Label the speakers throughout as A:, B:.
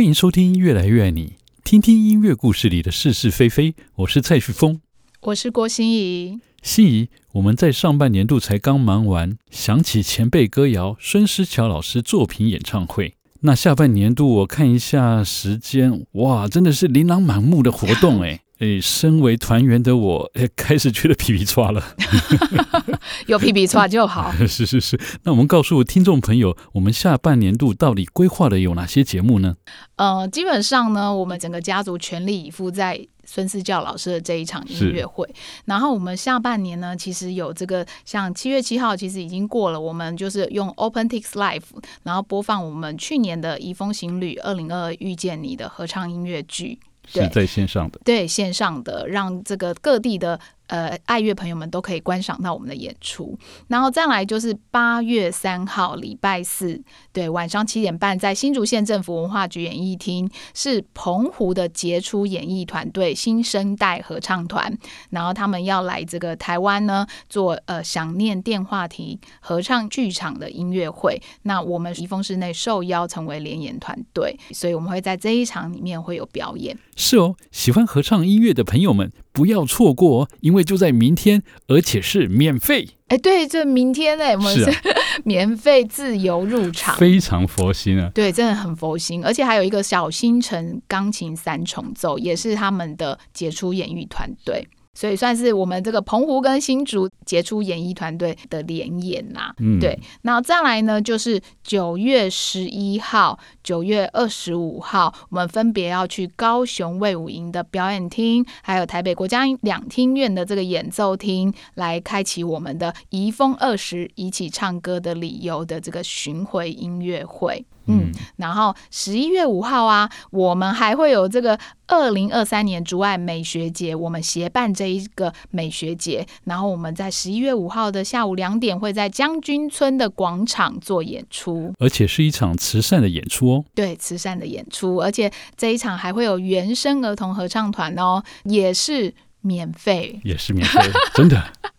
A: 歡迎收聽《樂來越愛你》，聽聽音樂故事裡的是是非非。我是蔡旭峰，
B: 我是郭心怡。
A: 心怡，我們在上半年度才剛忙完，想起前輩歌謠孫詩喬老師作品演唱會。那下半年度我看一下時間，哇，真的是琳琅滿目的活動哎。 誒，身為團員的我，開始覺得皮皮剉了。
B: 有皮皮剉就好。
A: 是是是，那我們告訴聽眾朋友，我們下半年度到底規劃的有哪些節目呢？
B: 呃，基本上呢，我們整個家族全力以赴在孫思教老師的這一場音樂會。然後我們下半年呢，其實有這個像七月七號，其實已經過了，我們就是用 OpenTix Life，然後播放我們去年的《沂風行旅二零二遇見你的》的合唱音樂劇。是在線上的，對，對線上的，讓這個各地的。呃，愛樂朋友們都可以觀賞到我們的演出。然後再來就是八月三號禮拜四，對，晚上七點半在新竹縣政府文化局演藝廳，是澎湖的傑出演藝團隊新生代合唱團，然後他們要來這個台灣呢做呃想念電話亭合唱劇場的音樂會。那我們沂風室內受邀成為聯演團隊，所以我們會在這一場裡面會有表演。
A: 是哦，喜歡合唱音樂的朋友們不要錯過哦，因為。就在明天，而且是免費。
B: 哎、欸，對，這明天嘞，我們是，是、啊、 免費、自由入場，非
A: 常佛心
B: 啊！對，真的很佛心，而且還有一個小星辰鋼琴三重奏，也是他們的傑出演藝團隊。所以算是我們這個澎湖跟新竹傑出演藝團隊的聯演啦、啊。嗯，對。那再來呢，就是九月十一號、九月二十五號，我們分別要去高雄衛武營的表演廳，還有台北國家兩廳院的這個演奏廳，來開啟我們的“沂風二十「沂起唱歌的理由」”的這個巡迴音樂會。嗯，然後十一月五號啊，我們還會有這個二零二三年竹愛美學節，我們協辦這一個美學節，然後我們在十一月五號的下午兩點，會在將軍村的廣場做演出，
A: 而且是一場慈善的演出
B: 哦。對，慈善的演出，而且這一場還會有原聲兒童合唱團哦，也是免費，
A: 也是免費，真的。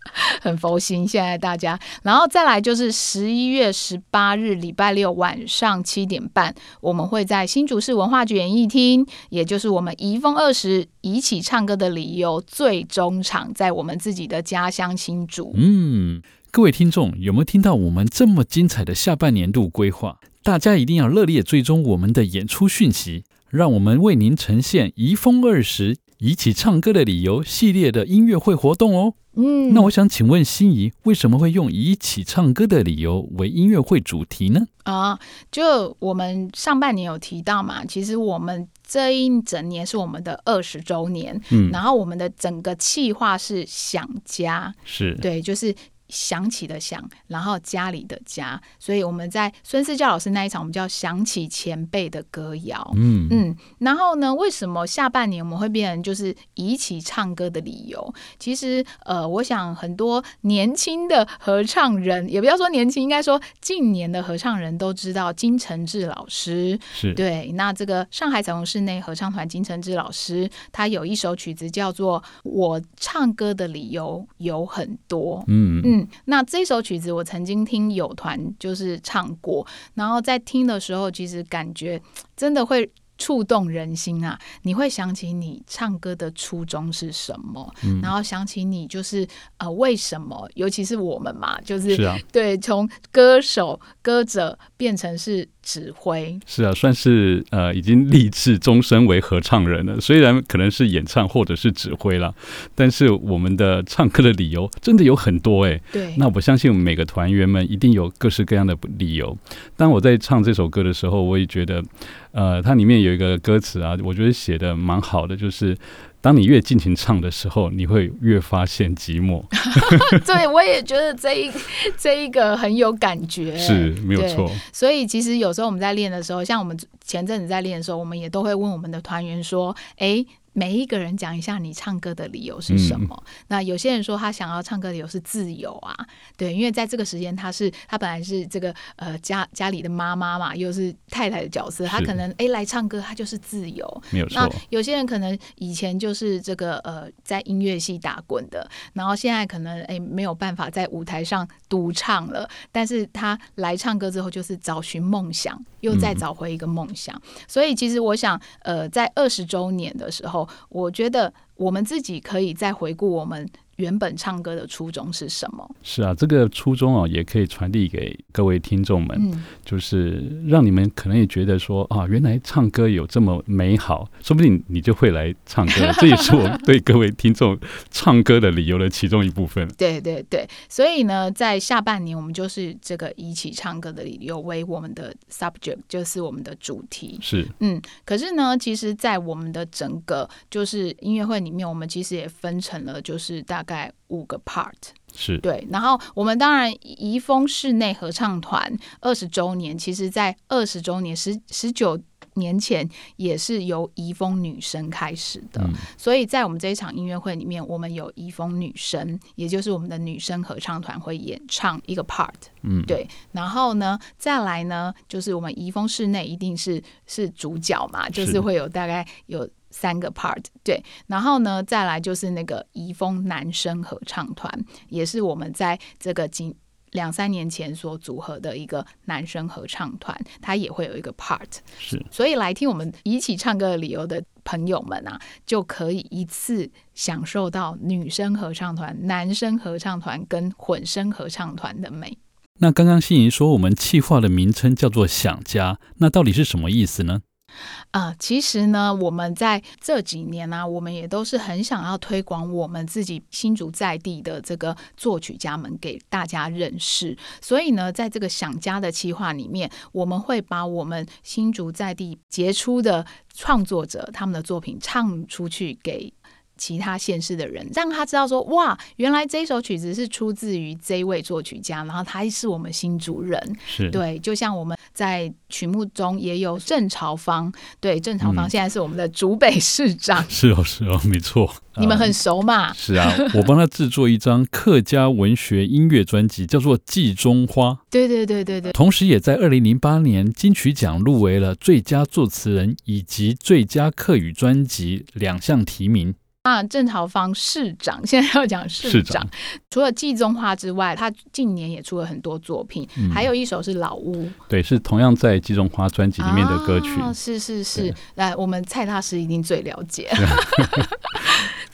B: 很佛心，現在大家，然後再來就是十一月十八日禮拜六晚上七點半，我們會在新竹市文化局演藝廳，也就是我們沂風二十沂起唱歌的理由最終場，在我們自己的家鄉新竹。
A: 嗯，各位聽眾有沒有聽到我們這麼精彩的下半年度規劃？大家一定要熱烈追蹤我們的演出訊息，讓我們為您呈現沂風二十沂起唱歌的理由系列的音樂會活動哦。嗯，那我想請問心怡，為什麼會用沂起唱歌的理由為音樂會主題呢？啊、嗯，
B: 就我們上半年有提到嘛，其實我們這一整年是我們的二十周年，嗯，然後我們的整個企劃是想家，是對，就是。想起的想，然後家裡的家，所以我們在孫思教老師那一場，我們叫想起前輩的歌謠。嗯嗯，然後呢，為什麼下半年我們會變成就是一起唱歌的理由？其實，呃，我想很多年輕的合唱人，也不要說年輕，應該說近年的合唱人都知道金承志老師。是對，那這個上海彩虹室內合唱團金承志老師，他有一首曲子叫做《我唱歌的理由有很多》。嗯嗯。嗯那這首曲子我曾經聽友團就是唱過，然後在聽的時候，其實感覺真的會觸動人心啊！你會想起你唱歌的初衷是什麼，嗯、然後想起你就是呃為什麼，尤其是我們嘛，就是，是、啊、對，從歌手歌者變成是。指揮
A: 是啊，算是呃，已經立志終身為合唱人了。雖然可能是演唱或者是指揮了，但是我們的唱歌的理由真的有很多哎、欸。對，那我相信我們每個團員們一定有各式各樣的理由。當我在唱這首歌的時候，我也覺得，呃，它裡面有一個歌詞啊，我覺得寫的蠻好的，就是。當你越盡情唱的時候，你會越發現寂寞。
B: 對，我也覺得這一這一一個很有感覺。 是，沒有錯。所以其實有時候我們在練的時候，像我們前陣子在練的時候，我們也都會問我們的團員說：“哎、欸。”每一個人講一下你唱歌的理由是什麼？嗯、那有些人說他想要唱歌的理由是自由啊，對，因為在這個時間他是他本來是這個呃家家裡的媽媽嘛，又是太太的角色，他可能哎、欸、來唱歌他就是自由。沒有錯。那有些人可能以前就是這個呃在音樂系打滾的，然後現在可能哎、欸、沒有辦法在舞台上獨唱了，但是他來唱歌之後就是找尋夢想，又再找回一個夢想、嗯。所以其實我想，呃，在二十周年的時候，我覺得我們自己可以再回顧我們。原本唱歌的初衷是什麼？
A: 是啊，這個初衷啊、哦，也可以傳遞給各位聽眾們、嗯，就是讓你們可能也覺得說啊，原來唱歌有這麼美好，說不定你就會來唱歌。 這也是我對各位聽眾唱歌的理由的其中一部分。
B: 對對對，所以呢，在下半年我們就是這個沂起唱歌的理由為我們的 subject，就是我們的主題。是。嗯，可是呢，其實，在我們的整個就是音樂會裡面，我們其實也分成了就是大。大概五個 part 是對，然後我們當然沂風室內合唱團二十週年，其實在二十週年十十九年前也是由沂風女生開始的。嗯，所以在我們這一場音樂會裡面，我們有沂風女生，也就是我們的女生合唱團會演唱一個 part。嗯，對，然後呢再來呢就是我們沂風室內一定是是主角嘛，就是會有大概有三個 part 對，然後呢，再來就是那個沂風男生合唱團，也是我們在這個近兩三年前所組合的一個男生合唱團，它也會有一個 part。是，所以來聽我們沂起唱歌的理由的朋友們啊，就可以一次享受到女生合唱團、男生合唱團跟混聲合唱團的美。
A: 那剛剛心怡說，我們企劃的名稱叫做“想家”，那到底是什麼意思呢？
B: 啊、呃，其實呢，我們在這幾年呢、啊，我們也都是很想要推廣我們自己新竹在地的這個作曲家們給大家認識。所以呢，在這個想家的企劃裡面，我們會把我們新竹在地傑出的創作者他們的作品唱出去，給其他縣市的人，讓他知道說，哇，原來這首曲子是出自於這位作曲家，然後他是我們新竹人，是對，就像我們。在曲目中也有鄭朝方，對，鄭朝方，現在是我們的竹北市長。嗯，
A: 是哦，是哦，沒錯，你們
B: 很熟嘛。嗯，是啊，我
A: 幫他制作一張客家文學音樂專輯， 叫做《季中花》，
B: 對對對對對，同
A: 時也在二零零八年金曲獎入圍了最佳作詞人以及最佳客語專輯兩項提名。
B: 那、啊、鄭朝方市長現在要講市，市長，除了《季中花》之外，他近年也出了很多作品，嗯、還有一首是《老屋》，
A: 對，是同樣在《季中花》專
B: 輯裡面的歌曲。啊、是是是，來，我們蔡大師一定最了解。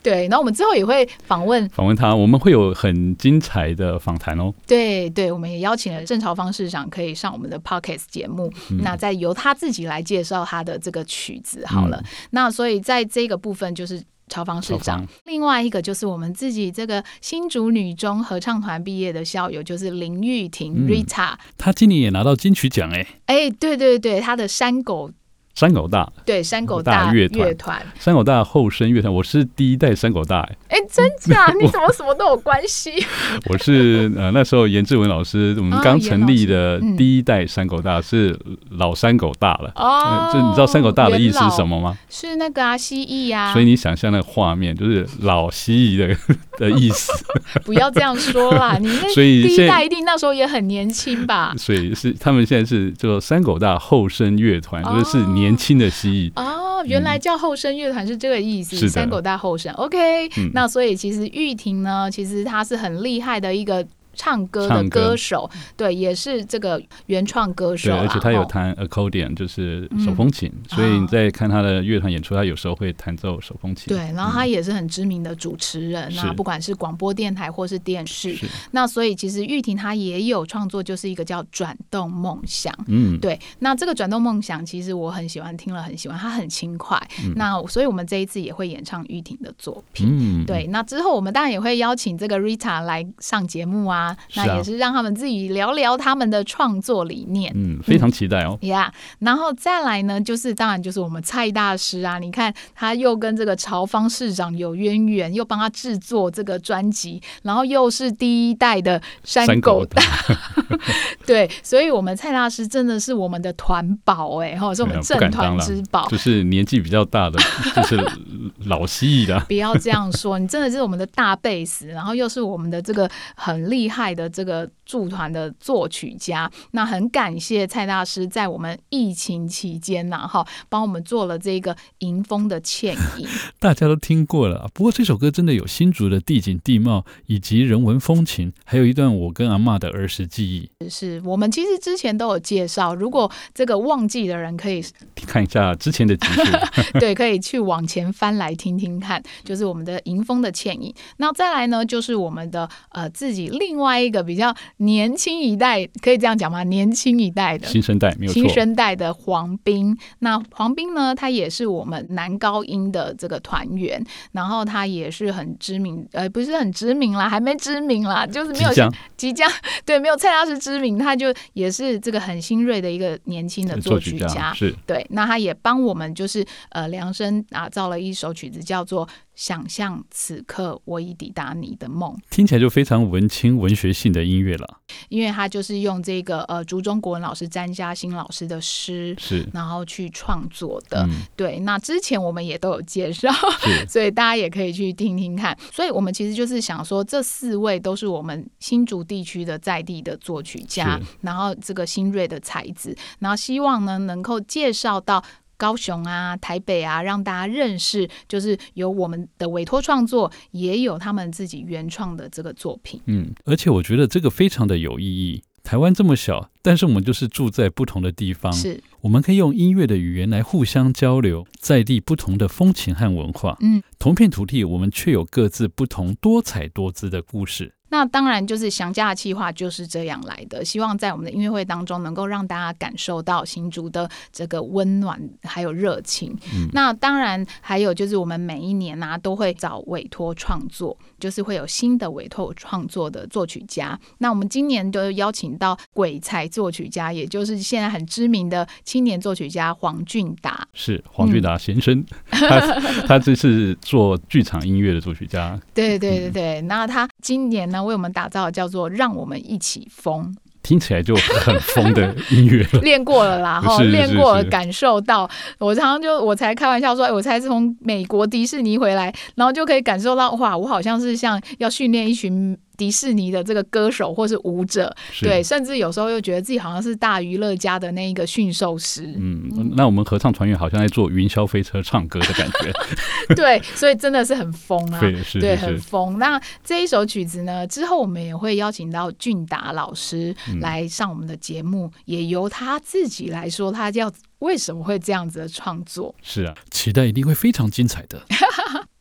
B: 對，然後 我們之後也會訪問
A: 訪問他，我們會有很精彩的訪談
B: 哦。對對，我們也邀請了鄭朝方市長可以上我們的 Podcast 節目、嗯，那再由他自己來介紹他的這個曲子。好了、嗯，那所以在這個部分就是。超方市長方，另外一個就是我們自己這個新竹女中合唱團畢業的校友，就是林玉婷、嗯、（Rita），
A: 她今年也拿到金曲獎、欸，
B: 哎、欸、哎，對對對，她的山狗，山狗大對，山狗大樂團，山
A: 狗大後生樂團，我是第一代山狗大。
B: 哎，真的？你怎麼什麼都有關係？
A: 我是呃那時候顏志文老師，我們剛成立的第一代山狗大是老山狗大了。哦，就你知道山狗大的意思是什麼嗎？
B: 是那個啊蜥蜴啊。所以
A: 你想象那個畫面，就是老蜥蜴的的意思。 不要這樣說啦，你所以第一代一
B: 定那時候也很年輕吧？所
A: 以，所以是他們現在是做山狗大後生樂團，就是是年。年輕的蜥蜴、
B: 哦、原來叫後生樂團是這個意思。嗯、三狗大後生，OK、嗯。那所以其實玉婷呢，其實她是很厲害的一個。唱歌的歌手歌，對，也是這個原創歌手，啊、對，而且他有
A: 彈 accordion，哦、就是手風琴，嗯，所以你在看他的樂團演出，嗯，他有時候會彈奏手風琴。對，
B: 然後他也是很知名的主持人，啊、嗯，那不管是廣播電台或是電視。那所以其實玉婷她也有創作，就是一個叫《轉動夢想》。嗯，對。那這個《轉動夢想》其實我很喜歡，聽了很喜歡，她很輕快，嗯。那所以我們這一次也會演唱玉婷的作品。嗯，對。那之後我們當然也會邀請這個 Rita 來上節目啊。那也是讓他們自己聊聊他們的創作理念。嗯，嗯，非常期待哦。Yeah，然後再來呢，就是當然就是我們蔡大師啊，你看他又跟這個朝方市長有淵源，又幫他制作這個專輯，然後又是第一代的山狗大，山 對，所以我們蔡大師真的是我們的團寶哎，哈，是我們正團之寶、嗯，就
A: 是年紀比較大的，就是老蜥蜴的，
B: 不要這樣說，你真的是我們的大貝斯，然後又是我們的這個很厲害。派的這個駐團的作曲家，那很感謝蔡大師在我們疫情期間然後，幫我們做了這個沂風的倩影，
A: 大家都聽過了。不過這首歌真的有新竹的地景地貌以及人文風情，還有一段我跟阿嬤的兒時記憶。
B: 是我們其實之前都有介紹，如果這個忘記的人可以
A: 看一下之前的集數，
B: 對，可以去往前翻來聽聽看，就是我們的沂風的倩影。那再來呢，就是我們的呃自己另。另外一個比較年輕一代，可以這樣講嗎？年輕一代的新生代，沒有新生代的黃斌。那黃斌呢？他也是我們男高音的這個團員，然後他也是很知名，呃，不是很知名啦，還沒知名啦，就是沒有像即將，即將對沒有蔡老師知名，他就也是這個很新銳的一個年輕的作曲家，是對。那他也幫我們就是呃量身打造了一首曲子，叫做。想象此刻，我已抵達你的夢，
A: 聽起來就非常文青、文學性的音樂了。
B: 因為他就是用這個呃，竹中國文老師詹家新老師的詩，是然後去創作的、嗯。對，那之前我們也都有介紹， 所以大家也可以去聽聽看。所以我們其實就是想說，這四位都是我們新竹地區的在地的作曲家，然後這個新銳的才子，然後希望呢能夠介紹到。高雄啊，台北啊，讓大家認識，就是有我們的委托創作，也有他們自己原創的這個作品。嗯，
A: 而且我覺得這個非常的有意義。台灣這麼小，但是我們就是住在不同的地方，是我們可以用音樂的語言來互相交流，在地不同的風情和文化。嗯，同片土地，我們卻有各自不同、多彩多姿的故事。
B: 那當然就是祥加的企劃，就是這樣來的。希望在我們的音樂會當中，能夠讓大家感受到新竹的這個溫暖還有熱情，嗯。那當然還有就是我們每一年呢、啊、都會找委托創作，就是會有新的委托創作的作曲家。那我們今年就邀請到鬼才作曲家，也就是現在很知名的青年作曲家黃俊達。
A: 是黃俊達先生，嗯，他他這是做劇場音樂的作曲家。
B: 對對對對，嗯，那他今年呢，為我們打造叫做“讓我們一起瘋”，
A: 聽起來就很瘋的音樂。練
B: 過了啦，然後練過了，是是是感受到我常常就我才開玩笑說，哎，我才是從美國迪士尼回來，然後就可以感受到，哇，我好像是像要訓練一群。迪士尼的這個歌手或是舞者是，對，甚至有時候又覺得自己好像是大娛樂家的那一個馴獸師
A: 嗯。嗯，那我們合唱團員好像在坐雲霄飛車唱歌的感覺。
B: 對，所以真的是很瘋啊，對是是是，對，很瘋。那這一首曲子呢，之後我們也會邀請到俊達老師來上我們的節目，嗯，也由他自己來說，他叫為什麼會這樣子的創作。
A: 是啊，期待一定會非常精彩的。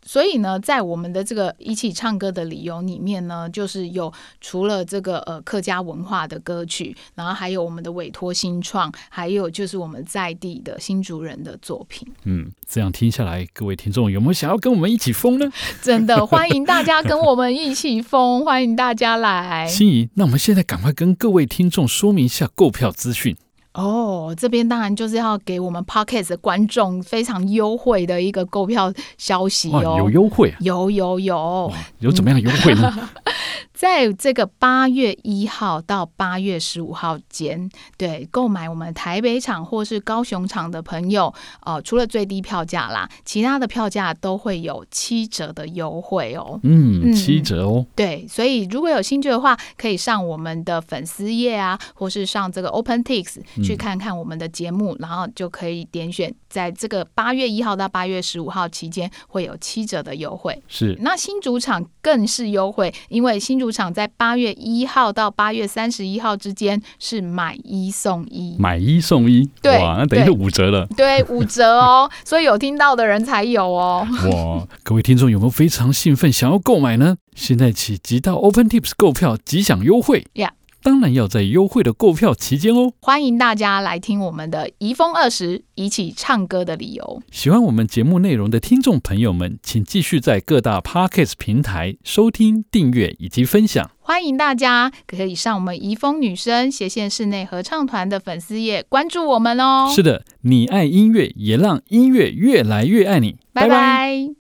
B: 所以呢，在我們的這個沂起唱歌的理由裡面呢，就是有除了這個呃客家文化的歌曲，然後還有我們的委托新創，還有就是我們在地的新竹人的作品。嗯，
A: 這樣聽下來，各位聽眾有沒有想要跟我們一起瘋
B: 呢？真的歡迎大家跟我們一起瘋， 歡迎大家來。心怡，
A: 那我們現在趕快跟各位聽眾說明一下購票資訊。
B: 哦、oh，這邊當然就是要給我們 Podcast 的觀眾非常優惠的一個購票消息哦，有優惠，啊，有有有，
A: 有怎麼樣的優惠呢？
B: 在這個八月一號到八月十五號間，對購買我們台北場或是高雄場的朋友，哦、呃，除了最低票價啦，其他的票價都會有七折的優惠哦。嗯，
A: 嗯，七折哦。
B: 對，所以如果有興趣的話，可以上我們的粉絲頁啊，或是上這個 OpenTix 去看看我們的節目，嗯、然後就可以點選，在這個八月一號到八月十五號期間會有七折的優惠。是，那新主場更是優惠，因為新主出場在八月一號到八月三十一號之間是買一買一送一，
A: 買一送一對哇，那等於是五折了
B: 對，對，五折哦， 所以有聽到的人才有哦。哇，
A: 各位聽眾有沒有非常興奮想要購買呢？現在起即到 Open Tips 購票即享優惠，yeah. 當然要在優惠的購票期間哦！
B: 歡迎大家來聽我們的沂風20「沂起唱歌的理由」。
A: 喜歡我們節目內容的聽眾朋友們，請繼續在各大 podcast 平台收聽、訂閱以及分享。
B: 歡迎大家可以上我們沂風女聲斜線室內合唱團的粉絲頁關注我們哦。是的，你愛音樂，也讓音樂越來越愛你。拜拜。